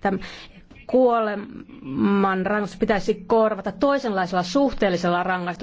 tämän kuoleman rangaistus pitäisi korvata toisenlaisella suhteellisella rangaistuksella.